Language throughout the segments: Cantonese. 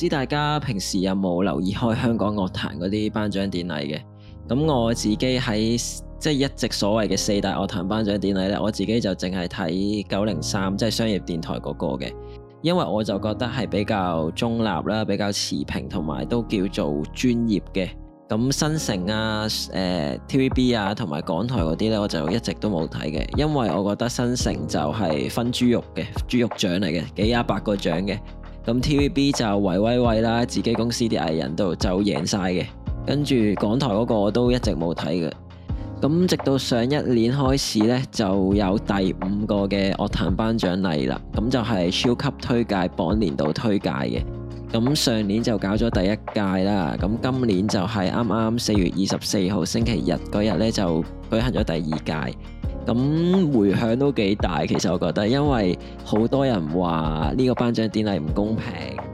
知大家平時有冇留意開香港樂壇嗰啲頒獎典禮嘅？咁我自己喺即係一直所謂嘅四大樂壇頒獎典禮咧，我自己就淨係睇九零三，即係商業電台嗰個嘅，因為我就覺得係比較中立啦，比較持平，同埋都叫做專業嘅。咁新城啊、誒、呃、TVB 啊同埋港台嗰啲咧，我就一直都冇睇嘅，因為我覺得新城就係分豬肉嘅，豬肉獎嚟嘅，幾廿百個獎嘅。咁 T V B 就維威威啦，自己公司啲藝人度就贏晒嘅，跟住港台嗰個我都一直冇睇嘅。咁直到上一年開始呢，就有第五個嘅樂壇頒獎禮啦。咁就係 ChillClub 推介榜年度推介嘅。咁上年就搞咗第一屆啦，咁今年就係啱啱四月二十四號星期日嗰日呢，就舉行咗第二屆。咁回響都幾大，其實我覺得，因為好多人話呢個頒獎典禮唔公平，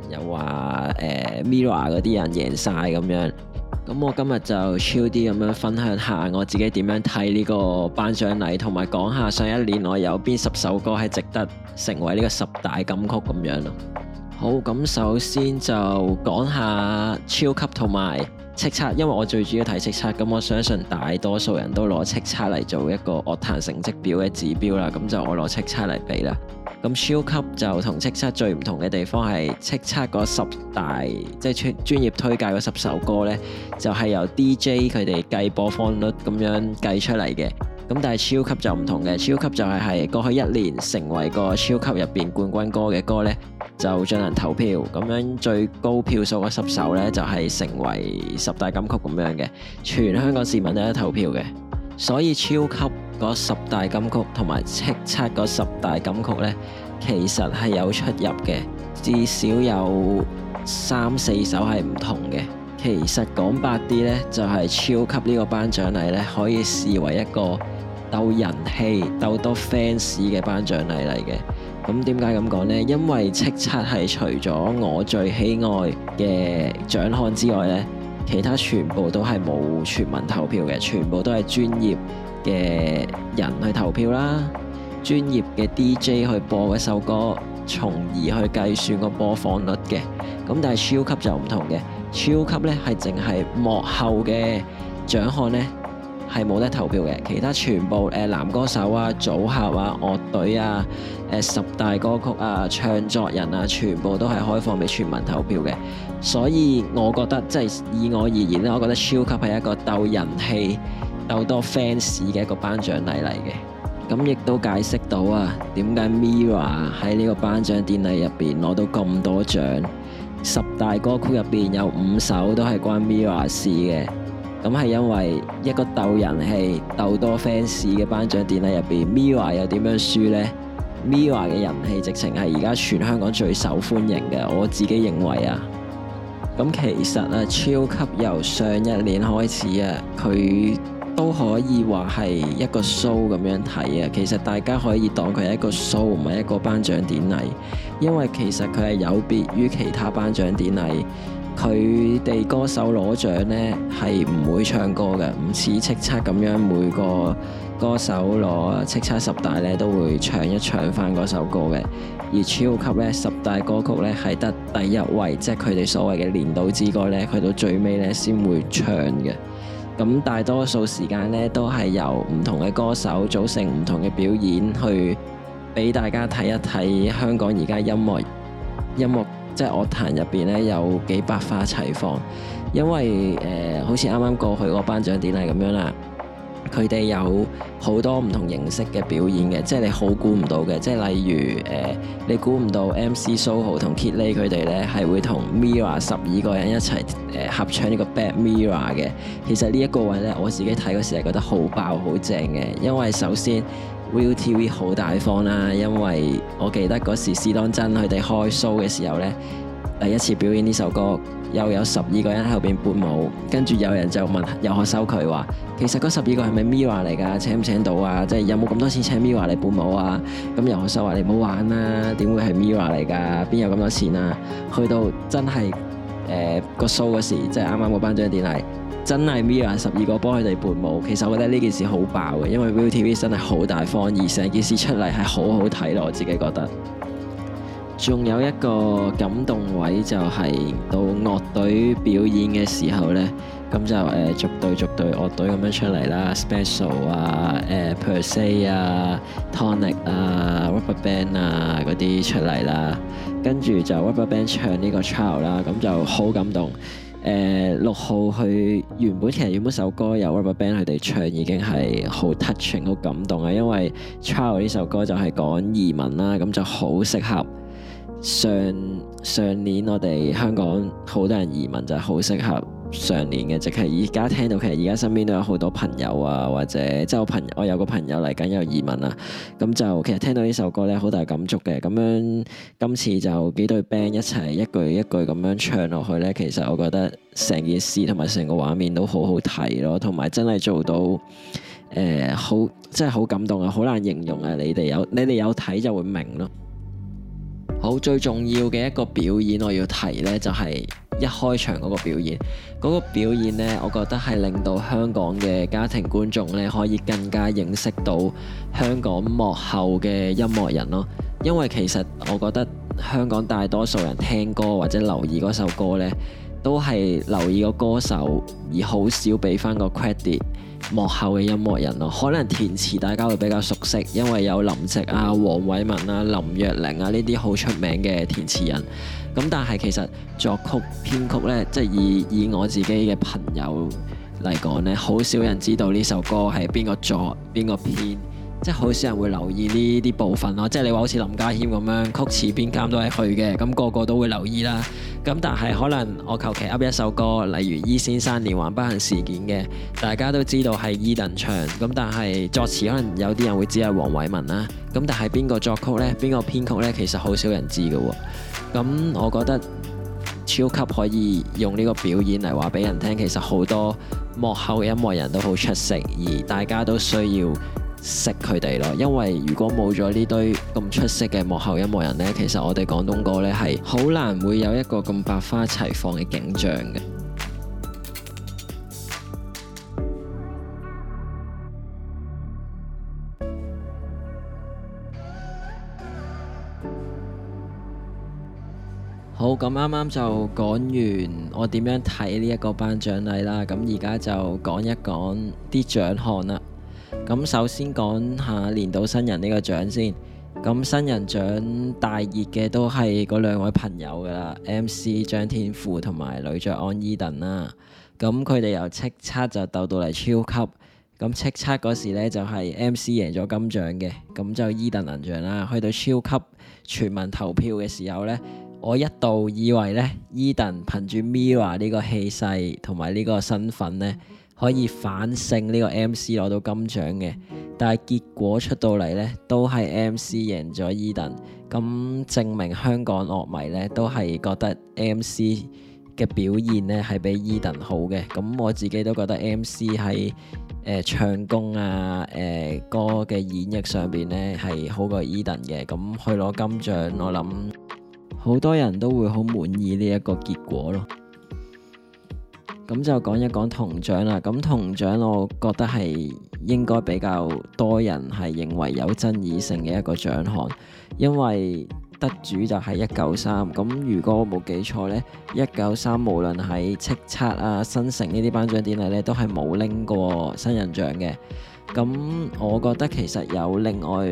又話、呃、Mirror 嗰啲人贏晒咁樣。咁我今日就 chill 啲咁樣分享下我自己點樣睇呢個頒獎禮，同埋講下上一年我有邊十首歌係值得成為呢個十大金曲咁樣咯。好，咁首先就講下 ChillClub 同埋。叱咤，因為我最主要睇叱咤，咁我相信大多數人都攞叱咤嚟做一個樂壇成績表嘅指標啦，咁就我攞叱咤嚟比啦。咁 ChillClub 就同叱咤最唔同嘅地方係叱咤嗰十大，即係專專業推介嗰十首歌呢，就係由 DJ 佢哋計播放率咁樣計出嚟嘅。咁但係 ChillClub 就唔同嘅，ChillClub 就係係過去一年成為個 ChillClub 入面冠軍歌嘅歌呢，就進行投票，咁樣最高票數嘅十首呢，就係成為十大金曲咁樣嘅，全香港市民都係投票嘅，所以 Chill Club 嗰十大金曲同埋叱咤嗰十大金曲呢，其實係有出入嘅，至少有三四首係唔同嘅。其實講白啲呢，就係 Chill Club 呢個頒獎禮呢，可以視為一個鬥人氣、鬥多 fans 嘅頒獎禮嚟嘅。咁點解咁講呢？因為叱吒係除咗我最喜愛嘅獎項之外呢，其他全部都係冇全民投票嘅，全部都係專業嘅人去投票啦，專業嘅 DJ 去播一首歌，從而去計算個播放率嘅。咁但係 Chill Club 就唔同嘅，Chill Club 呢係淨係幕後嘅獎項呢。係冇得投票嘅，其他全部誒、呃、男歌手啊、組合啊、樂隊啊、誒、呃、十大歌曲啊、唱作人啊，全部都係開放俾全民投票嘅。所以我覺得，即係以我而言咧，我覺得超級係一個鬥人氣、鬥多 fans 嘅一個頒獎禮嚟嘅。咁亦都解釋到啊，點解 Mira 喺呢個頒獎典禮入邊攞到咁多獎？十大歌曲入邊有五首都係關 Mira 事嘅。咁係因為一個鬥人氣、鬥多 fans 嘅頒獎典禮入邊，Mirror 又點樣輸呢？Mirror 嘅人氣直情係而家全香港最受歡迎嘅，我自己認為啊。咁其實啊，ChillClub 由上一年開始啊，佢都可以話係一個 show 咁樣睇啊。其實大家可以當佢係一個 show，唔係一個頒獎典禮，因為其實佢係有別於其他頒獎典禮。佢哋歌手攞獎咧，係唔會唱歌嘅，唔似叱咤咁樣，每個歌手攞叱咤十大咧，都會唱一唱翻首歌嘅。而 Chill Club 咧，十大歌曲咧，係得第一位，即係佢哋所謂嘅年度之歌咧，去到最尾咧先會唱嘅。咁大多數時間咧，都係由唔同嘅歌手組成唔同嘅表演，去俾大家睇一睇香港而家音樂音樂。即係樂壇入邊咧有幾百花齊放，因為誒、呃、好似啱啱過去個頒獎典禮咁樣啦，佢哋有好多唔同形式嘅表演嘅，即係你好估唔到嘅，即係例如誒、呃、你估唔到 MC、so、M C Soho 同 KidNey 佢哋咧係會同 Mirror 十二個人一齊誒合唱呢個 Bad Mirror 嘅，其實呢一個位咧我自己睇嗰時係覺得好爆好正嘅，因為首先。ViuTV 好大方啦，啊，因為我記得嗰時試當真佢哋開 show 嘅時候呢，第一次表演呢首歌又有十二個人喺後邊伴舞，跟住有人就問游學修，佢話：其實嗰十二個係咪 MIRROR 嚟㗎？請唔請到啊？即係有冇咁多錢請 MIRROR 嚟伴舞啊？咁游學修話：你唔好玩啦，點會係 MIRROR 嚟㗎？邊有咁多錢啊？去到真係誒個 show 嗰時，即係啱啱個頒獎典禮，真係 Mirror 十二個幫佢哋伴舞，其實我覺得呢件事好爆嘅，因為 ViuTV 真係好大方，而成件事出嚟係好好睇咯，我自己覺得。仲有一個感動位就係、是、到樂隊表演嘅時候呢，咁就誒、呃、逐隊逐隊樂隊咁樣出嚟啦，Special 啊、誒 Perse 啊、Tonic 啊、Rubberband 啊嗰啲出嚟啦，跟住就 Rubberband 唱呢個 Child 啦，咁就好感動。誒六號佢原本其實原本首歌有 Rubber Band 佢哋唱已經係好 touching 好感動啊，因為《Charlie》呢首歌就係講移民啦，咁就好適合上上,上年我哋香港好多人移民就係好適合。上年嘅，即係而家聽到，其實而家身邊都有好多朋友啊，或者即係我朋友，我有個朋友嚟緊有移民啊，咁就其實聽到呢首歌咧，好大感觸嘅。咁樣今次就幾對 band 一齊一句一句咁樣唱落去咧，其實我覺得成件事同埋成個畫面都好好睇咯，同埋真係做到誒，好、呃、真係好感動啊，好難形容啊，你哋有你哋有睇就會明咯。好，最重要嘅一個表演我要提咧，就係、是。一開場嗰個表演，嗰個表演呢，我覺得係令到香港嘅家庭觀眾呢，可以更加認識到香港幕後嘅音樂人咯。因為其實我覺得香港大多數人聽歌或者留意嗰首歌呢，都係留意個歌手，而好少俾翻個 credit。幕後嘅音樂人咯，可能填詞大家會比較熟悉，因為有林夕啊、黃偉文啊、林若寧啊呢啲好出名嘅填詞人。咁但係其實作曲編曲呢，即係以以我自己嘅朋友嚟講呢，好少人知道呢首歌係邊個作邊個編。即係好少人會留意呢啲部分咯。即係你話好似林家謙咁樣，曲詞編監都係佢嘅，咁、那個個都會留意啦。咁但係可能我求其噏一首歌，例如《E 先生連環不幸事件》嘅，大家都知道係 Edan 唱，咁但係作詞可能有啲人會知係黃偉文啦。咁但係邊個作曲呢？邊個編曲呢？其實好少人知嘅喎。咁我覺得超級可以用呢個表演嚟話俾人聽，其實好多幕後嘅音樂人都好出色，而大家都需要識佢哋咯，因為如果冇咗呢堆咁出色嘅幕後音樂人呢，其實我哋廣東歌呢係好難會有一個咁百花齊放嘅景象嘅。好，咁啱啱就講完我點樣睇呢一個頒獎禮啦，咁而家就講一講啲獎項啦。咁首先講下年度新人呢個獎先，咁新人獎大熱嘅都係嗰兩位朋友噶啦，MC 張天賦同埋呂爵安 Edan 啦。咁佢哋由叱咤就鬥到嚟 Chill Club，咁叱咤嗰時呢就係 MC 贏咗金獎嘅，咁就 Edan 銀獎啦。去到 Chill Club 全民投票嘅時候呢，我一度以為咧 Edan 憑住 Mirror 呢個氣勢同埋呢個身份呢。可以反勝呢個 MC 攞到金獎嘅，但係結果出到嚟呢都係 MC 贏咗 Edan。咁證明香港樂迷呢都係覺得 MC 嘅表現呢係比 Edan 好嘅，咁我自己都覺得 MC 喺誒、呃、唱功啊、誒、呃、歌嘅演繹上邊呢係好過 Edan 嘅，咁去攞金獎，我諗好多人都會好滿意呢一個結果咯。咁就講一講銅獎啦。咁銅獎我覺得係應該比較多人係認為有爭議性嘅一個獎項，因為得主就係一九三。咁如果我冇記錯呢，一九三無論喺叱咤啊、新城呢啲頒獎典禮呢，都係冇拎過新人獎嘅。咁我覺得其實有另外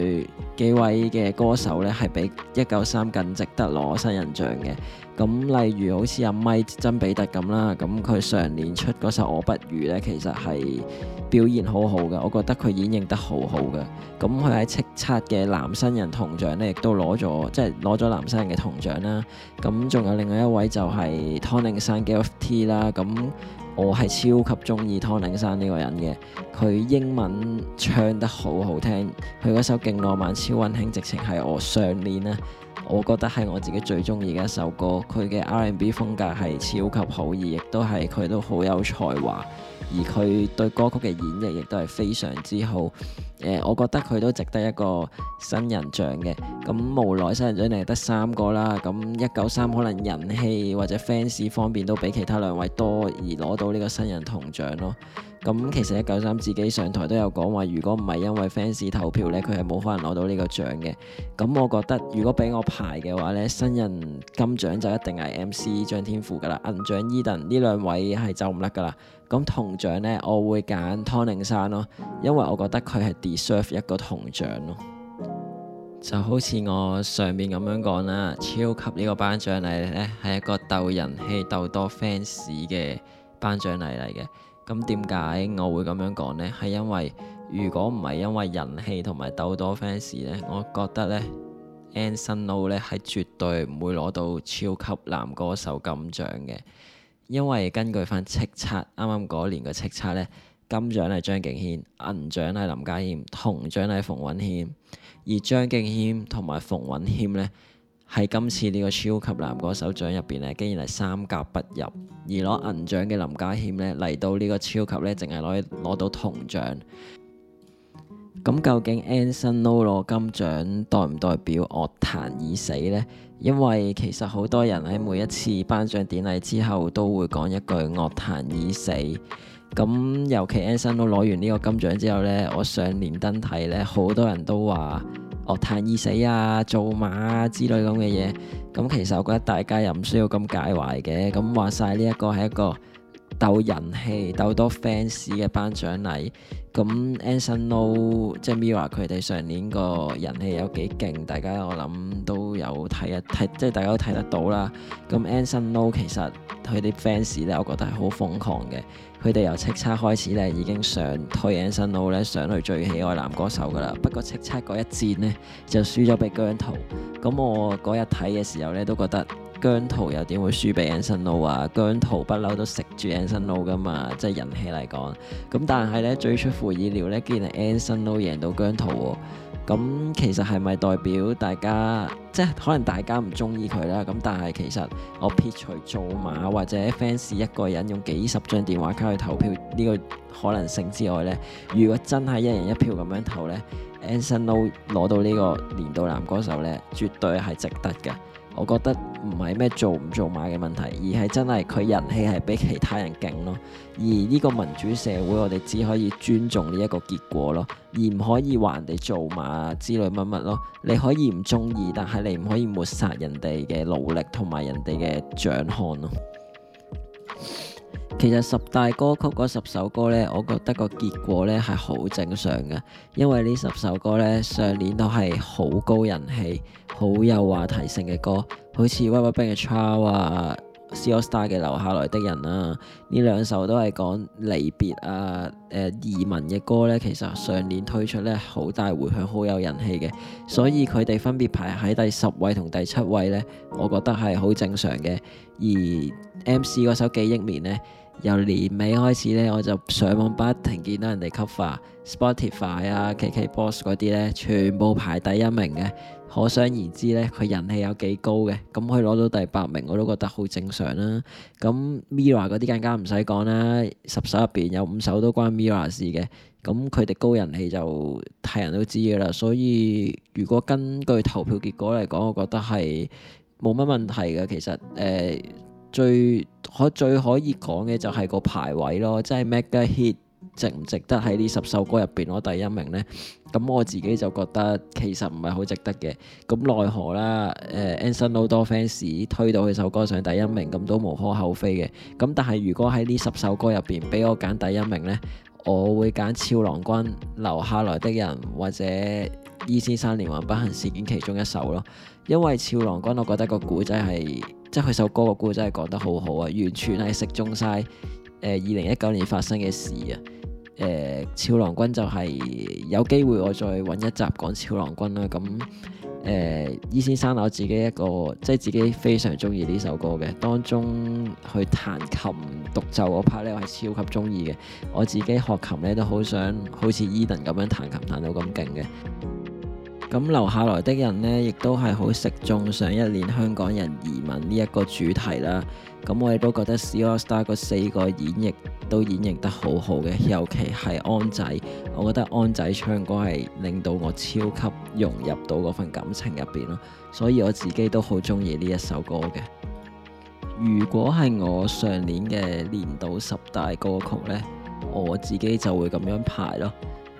幾位嘅歌手呢，係比一九三更值得攞新人獎嘅。咁例如好似阿咪曾比特咁啦，咁佢上年出嗰首《我不如》呢，其實係表現好好嘅，我覺得佢演繹得好好嘅。咁佢喺叱咤嘅男新人銅獎呢，亦都攞咗，即係攞咗男新人嘅銅獎啦。咁仲有另外一位就係湯令山 Gareth.T 啦，咁。我係超級中意湯令山呢個人嘅，佢英文唱得好好聽，佢嗰首《勁浪漫》超溫馨，直情係我上年啊。我覺得係我自己最中意嘅一首歌，佢嘅 R&B 風格係超級好，而亦都係佢都好有才華，而佢對歌曲嘅演繹亦都係非常之好，呃，我覺得佢都值得一個新人獎嘅。咁無奈新人獎淨係得三個啦，咁193可能人氣或者 fans 方面都比其他兩位多，而攞到呢個新人銅獎咯。咁其實一九三自己上台都有講話，如果唔係因為 fans 投票咧，佢係冇可能攞到呢個獎嘅。咁我覺得如果俾我排嘅話咧，新人金獎就一定係 MC 張天賦噶啦，銀獎 Edan，呢兩位係走唔甩噶啦。咁銅獎咧，我會揀湯令山咯，因為我覺得佢係 deserve 一個銅獎咯。就好似我上面咁樣講啦，超級呢個頒獎禮咧係一個鬥人氣、鬥多 fans 嘅頒獎禮嚟嘅。咁點解我會咁樣講呢？係因為如果唔係因為人氣同埋鬥多 fans 呢我覺得呢 Anson Lo 呢係絕對唔會攞到超級男歌手金獎嘅。因為根據翻叱咤，啱啱嗰年嘅叱咤呢，金獎係張敬軒，銀獎係林家謙，銅獎係馮允謙，而張敬軒同埋馮允謙呢。喺今次呢個超級男歌手獎入邊呢，竟然係三甲不入，而攞銀獎嘅林家謙呢嚟到呢個超級呢，淨係攞攞到銅獎。咁究竟 Anson Lo 攞金獎代唔代表樂壇已死呢？因為其實好多人喺每一次頒獎典禮之後都會講一句樂壇已死。咁尤其 Anson Lo 攞完呢個金獎之後呢，我上連登睇呢，好多人都話。樂壇已死啊，做馬啊之類咁嘅嘢，咁其實我覺得大家又唔需要咁介懷嘅。咁話晒呢一個係一個鬥人氣、鬥多 fans 嘅頒獎禮。咁 Anson Lo 即係 MIRROR 佢哋上年個人氣有幾勁，大家我諗都有睇一睇，即係大家都睇得到啦。咁 Anson Lo 其實佢啲 fans 咧，我覺得係好瘋狂嘅。佢哋由叱咤開始咧，已經上推 Anson Lo 咧，上去最喜愛男歌手噶啦。不過叱咤嗰一戰呢，就輸咗俾姜濤。咁我嗰日睇嘅時候呢，都覺得姜濤又點會輸俾 Anson Lo 啊？姜濤不嬲都食住 Anson Lo 噶嘛，即係人氣嚟講。咁但係呢，最出乎意料呢，竟然 Anson Lo 贏到姜濤喎，哦。咁其實係咪代表大家，即係可能大家唔中意佢啦？咁但係其實我撇除做馬或者 fans 一個人用幾十張電話卡去投票呢個可能性之外呢，如果真係一人一票咁樣投呢，Anson Lo 攞到呢個年度男歌手呢，絕對係值得嘅。我覺得唔係咩做唔做馬嘅問題，而係真係佢人氣係比其他人勁咯。而呢個民主社會，我哋只可以尊重呢一個結果咯，而唔可以話人哋做馬之類乜乜咯。你可以唔中意，但係你唔可以抹殺人哋嘅努力同埋人哋嘅獎項咯。其實十大歌曲嗰十首歌呢，我覺得個結果呢係好正常嘅，因為呢十首歌呢，上年都係好高人氣、好有話題性嘅歌，好似威威兵嘅《Trouble》啊。s e o Star》嘅留下來的人兩啊，呢兩首都係講離別啊、誒移民嘅歌呢。其實上年推出呢，好大迴響，好有人氣嘅，所以佢哋分別排喺第十位同第七位呢，我覺得係好正常嘅。而 M C 嗰首《記憶棉》呢，由年尾開始呢，我就上網不停見到人哋 cover，Spotify 啊、KKBOX 嗰啲呢，全部排第一名嘅。可想而知呢，佢人氣有幾高嘅，咁佢攞到第八名我都覺得好正常啦。咁 MIRROR 嗰啲更加唔使講啦，十首入邊有五首都關 MIRROR 事嘅，咁佢哋高人氣就係人都知噶啦。所以如果根據投票結果嚟講，我覺得係冇乜問題嘅。其實誒、呃、最可最可以講嘅就係個排位咯，即係 Mega Hit。值唔值得喺呢十首歌入邊攞第一名呢？咁我自己就覺得其實唔係好值得嘅。咁奈何啦？誒，Anson 好多 fans 推到佢首歌上第一名，咁都無可厚非嘅。咁但係如果喺呢十首歌入邊俾我揀第一名呢，我會揀《俏郎君》、《留下來的人》或者《E 先生連環不幸事件》其中一首咯。因為《俏郎君》我覺得個故仔係，即係佢首歌個故仔係講得好好啊，完全係食中晒二零一九年發生嘅事啊！誒、嗯，俏郎君就係、是、有機會我再揾一集講俏郎君啦。咁、嗯、誒，E、嗯、先生我自己一個，即係自己非常中意呢首歌嘅當中，去彈琴獨奏嗰 part 咧，我係超級中意嘅。我自己學琴咧都好想好似 Eden 咁樣彈琴彈到咁勁嘅。咁留下來的人呢，亦都係好食重上一年香港人移民呢一個主題啦。咁我亦都覺得《C AllStar》嗰四個演繹都演繹得好好嘅，尤其係安仔，我覺得安仔唱歌係令到我超級融入到嗰份感情入邊咯，所以我自己都好中意呢一首歌嘅。如果係我上年嘅年度十大歌曲呢，我自己就會咁樣排咯，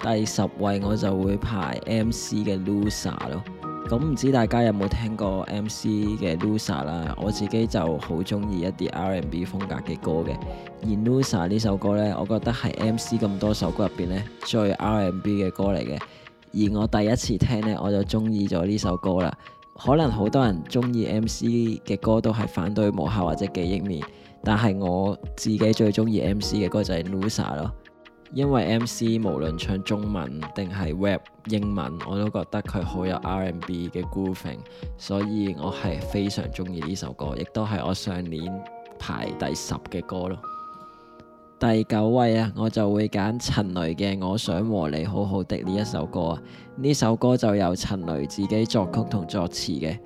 第十位我就會排 MC 嘅 Lusa 咯。咁唔知大家有冇聽過 MC 嘅 Loser 啦？我自己就好中意一啲 R&B 風格嘅歌嘅，而 Loser 呢首歌呢，我覺得係 MC 咁多首歌入邊呢，最 R&B 嘅歌嚟嘅。而我第一次聽呢，我就中意咗呢首歌啦。可能好多人中意 MC 嘅歌都係反對無效或者記憶棉，但係我自己最中意 MC 嘅歌就係 Loser 咯。因為 MC 無論唱中文定係 rap 英文，我都覺得佢好有 R&B 嘅 grooving，所以我係非常中意呢首歌，亦都係我上年排第十嘅歌咯。第九位啊，我就會揀陳雷嘅《我想和你好好的》呢一首歌啊，呢首歌就由陳雷自己作曲同作詞嘅。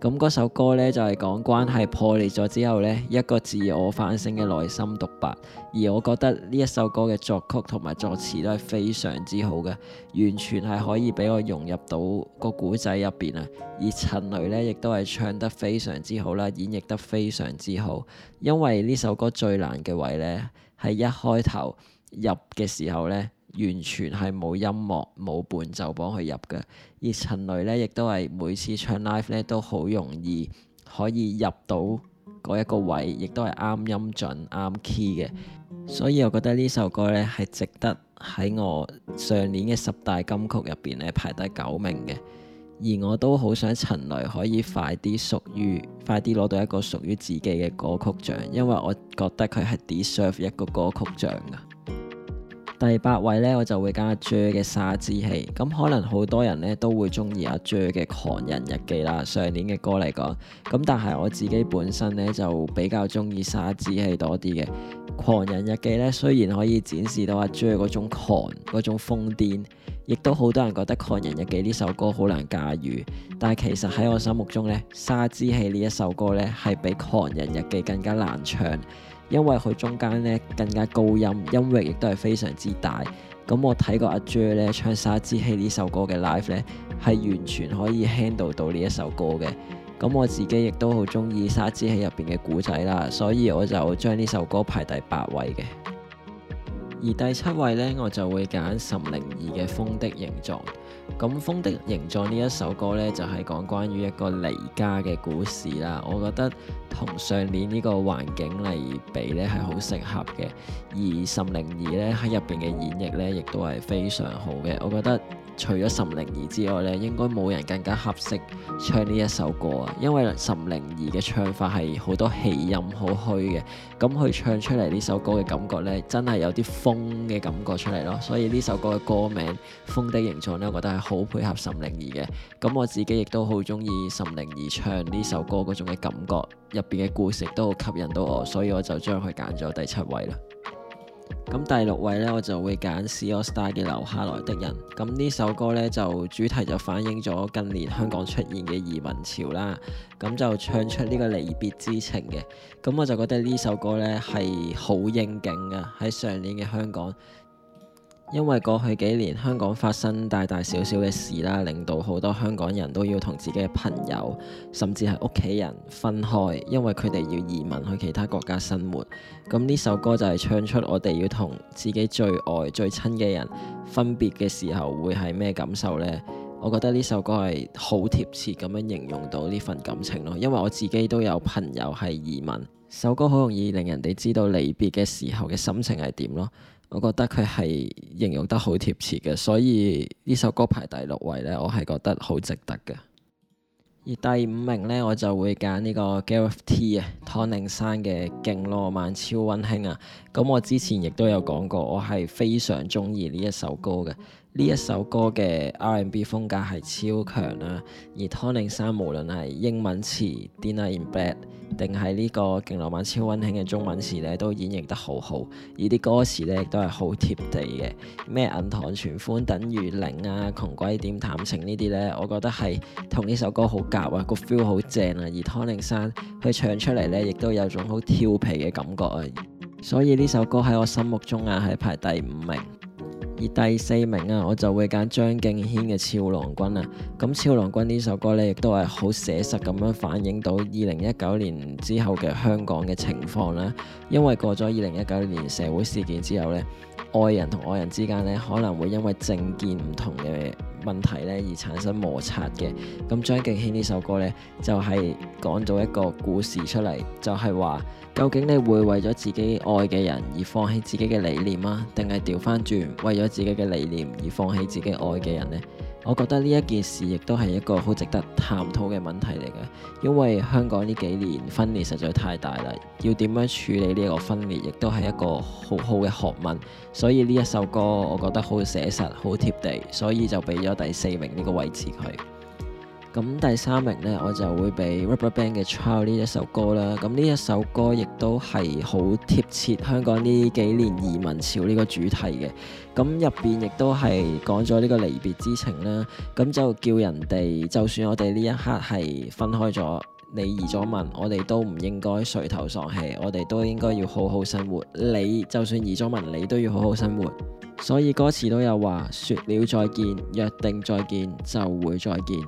咁嗰首歌呢，就係講關係破裂咗之後呢，一個自我反省嘅內心獨白，而我覺得呢一首歌嘅作曲同埋作詞都係非常之好嘅，完全係可以俾我融入到個古仔入邊啊。而陳雷呢，亦都係唱得非常之好啦，演繹得非常之好。因為呢首歌最難嘅位呢，係一開頭入嘅時候呢。完全係冇音樂，冇伴奏幫佢入嘅，而陳雷呢，亦都係每次唱 live 呢，都好容易可以入到嗰一個位，亦都係啱音準啱 key 嘅，所以我覺得呢首歌呢，係值得喺我上年嘅十大金曲入邊呢，排第九名嘅，而我都好想陳雷可以快啲屬於快啲攞到一個屬於自己嘅歌曲獎，因為我覺得佢係 deserve 一個歌曲獎噶。第八位咧，我就會加阿 Jer 嘅《沙之器》，咁可能好多人咧都會中意阿 Jer 嘅《狂人日記》啦。上年嘅歌嚟講，咁但係我自己本身咧就比較中意《沙之器》多啲嘅，《狂人日記》咧雖然可以展示到阿 Jer 嗰種狂、嗰種瘋癲，亦都好多人覺得《狂人日記》呢首歌好難駕馭，但係其實喺我心目中咧，《沙之器》呢一首歌咧係比《狂人日記》更加難唱。因為佢中間咧更加高音，音域亦都係非常之大。咁我睇過阿 Jade 咧唱《殺之戲》呢首歌嘅 live 呢係完全可以 handle 到呢一首歌嘅。咁我自己亦都好中意《殺之戲》入邊嘅古仔啦，所以我就將呢首歌排第八位嘅。而第七位呢，我就會揀岑寧兒嘅《風的形狀》。咁《風的形狀》呢一首歌呢，就係、是、講關於一個離家嘅故事啦。我覺得同上年呢個環境嚟比呢，係好適合嘅。而沈零二呢，喺入邊嘅演繹呢，亦都係非常好嘅。我覺得。除咗岑寧兒之外咧，應該冇人更加合適唱呢一首歌啊！因為岑寧兒嘅唱法係好多氣音好虛嘅，咁佢唱出嚟呢首歌嘅感覺咧，真係有啲風嘅感覺出嚟咯。所以呢首歌嘅歌名《風的形狀》咧，我覺得係好配合岑寧兒嘅。咁我自己亦都好中意岑寧兒唱呢首歌嗰種嘅感覺，入邊嘅故事都好吸引到我，所以我就將佢揀咗第七位啦。咁第六位咧，我就會揀 C AllStar 嘅留下來的人。咁呢首歌咧，就主題就反映咗近年香港出現嘅移民潮啦。咁就唱出呢個離別之情嘅。咁我就覺得呢首歌咧係好應景㗎，喺上年嘅香港。因為過去幾年香港發生大大小小嘅事啦，令到好多香港人都要同自己嘅朋友甚至係屋企人分開，因為佢哋要移民去其他國家生活。咁呢首歌就係唱出我哋要同自己最愛最親嘅人分別嘅時候會係咩感受呢？我覺得呢首歌係好貼切咁樣形容到呢份感情咯。因為我自己都有朋友係移民，首歌好容易令人哋知道離別嘅時候嘅心情係點咯。我覺得佢係形容得好貼切嘅，所以呢首歌排第六位咧，我係覺得好值得嘅。而第五名咧，我就會揀呢個 Gareth T 啊，湯令山嘅《勁浪漫超温馨》啊。咁我之前亦都有講過，我係非常中意呢一首歌嘅。呢一首歌嘅 R&B 風格係超強啊。而湯令山無論係英文詞《Dinner in Bed》定係呢個勁浪漫超温馨嘅中文詞咧，都演繹得好好，而啲歌詞咧亦都係好貼地嘅，咩銀糖存款等於零啊，窮鬼點談情呢啲咧，我覺得係同呢首歌好夾啊，個 feel 好正啊，而湯令山佢唱出嚟咧，亦都有種好調皮嘅感覺啊，所以呢首歌喺我心目中啊係排第五名。而第四名啊，我就會揀張敬軒嘅《俏郎君》啊。咁《俏郎君》呢首歌呢，亦都係好寫實咁樣反映到二零一九年之後嘅香港嘅情況啦。因為過咗二零一九年社會事件之後呢，愛人同愛人之間呢，可能會因為政見唔同嘅問題咧而產生摩擦嘅，咁張敬軒呢首歌呢，就係講到一個故事出嚟，就係話究竟你會為咗自己愛嘅人而放棄自己嘅理念嗎？定係調翻轉為咗自己嘅理念而放棄自己愛嘅人呢？我覺得呢一件事亦都係一個好值得探討嘅問題嚟嘅，因為香港呢幾年分裂實在太大啦，要點樣處理呢個分裂，亦都係一個好好嘅學問。所以呢一首歌，我覺得好寫實、好貼地，所以就俾咗第四名呢個位置佢。咁第三名呢，我就會俾 Rubberband 嘅《Ciao》呢一首歌啦。咁呢一首歌亦都係好貼切香港呢幾年移民潮呢個主題嘅。咁入邊亦都係講咗呢個離別之情啦。咁就叫人哋，就算我哋呢一刻係分開咗，你移咗民，我哋都唔應該垂頭喪氣，我哋都應該要好好生活。你就算移咗民，你都要好好生活。所以歌詞都有話：「説了再見，約定再見，就會再見」。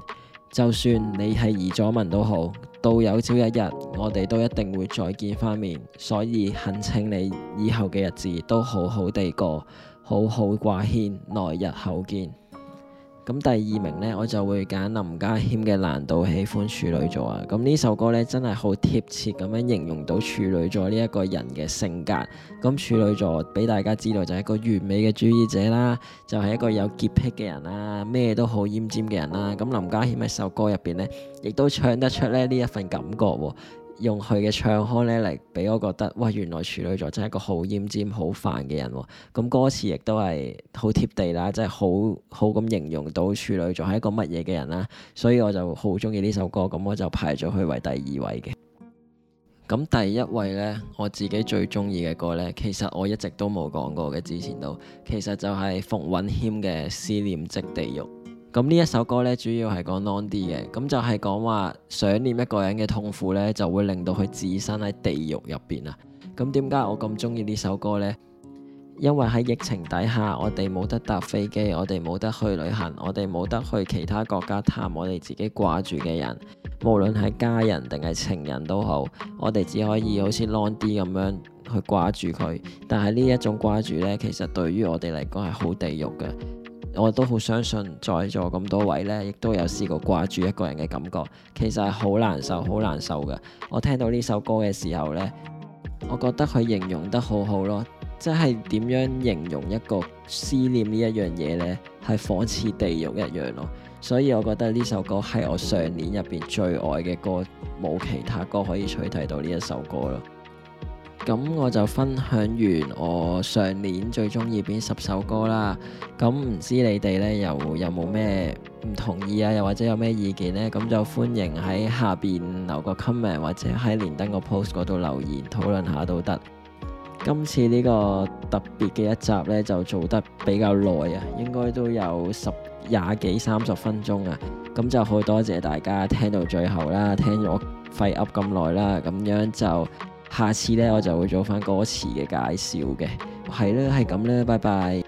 就算你係移咗民都好，到有朝一日我哋都一定會再見翻面，所以懇請你以後嘅日子都好好地過，好好掛牽，來日後見。咁第二名呢，我就會揀林家謙嘅難道喜歡處女座啊！咁呢首歌呢，真係好貼切咁樣形容到處女座呢一個人嘅性格。咁處女座俾大家知道就係一個完美嘅主義者啦，就係一個有潔癖嘅人啦，咩都好奄尖嘅人啦。咁林家謙喺首歌入邊呢，亦都唱得出呢呢一份感覺喎。用佢嘅唱腔咧，嚟俾我覺得，嘩，原來處女座真係一個好奄尖、好煩嘅人喎，哦。咁歌詞亦都係好貼地啦，即係好好咁形容到處女座係一個乜嘢嘅人啦。所以我就好中意呢首歌，咁我就排咗佢為第二位嘅。咁第一位呢，我自己最中意嘅歌呢，其實我一直都冇講過嘅，之前都其實就係馮允謙嘅《思念即地獄》。咁呢一首歌咧，主要係講 long D 嘅，咁就係講話想念一個人嘅痛苦咧，就會令到佢置身喺地獄入邊啊！咁點解我咁中意呢首歌呢？因為喺疫情底下，我哋冇得搭飛機，我哋冇得去旅行，我哋冇得去其他國家探我哋自己掛住嘅人，無論係家人定係情人都好，我哋只可以好似 long D 咁樣去掛住佢。但係呢一種掛住咧，其實對於我哋嚟講係好地獄嘅。我都好相信在座咁多位咧，亦都有試過掛住一個人嘅感覺，其實係好難受，好難受㗎。我聽到呢首歌嘅時候呢，我覺得佢形容得好好咯，即係點樣形容一個思念呢一樣嘢呢？係仿似地獄一樣咯。所以我覺得呢首歌係我上年入邊最愛嘅歌，冇其他歌可以取替到呢一首歌咯。咁我就分享完我上年最中意邊十首歌啦。咁唔知你哋呢又，又有冇咩唔同意啊？又或者有咩意見呢？咁就歡迎喺下邊留個 comment，或者喺連登個 post 嗰度留言討論下都得。今次呢個特別嘅一集呢，就做得比較耐啊，應該都有十廿幾、三十分鐘啊。咁就好多謝大家聽到最後啦，聽咗廢噏咁耐啦，咁樣就～下次呢，我就會做返歌詞嘅介紹嘅，係啦，係咁啦，拜拜。